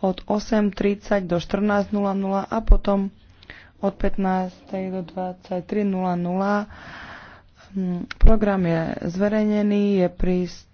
od 8.30 do 14.00 a potom od 15. do 23.00. Mm, program je zverejnený, je príst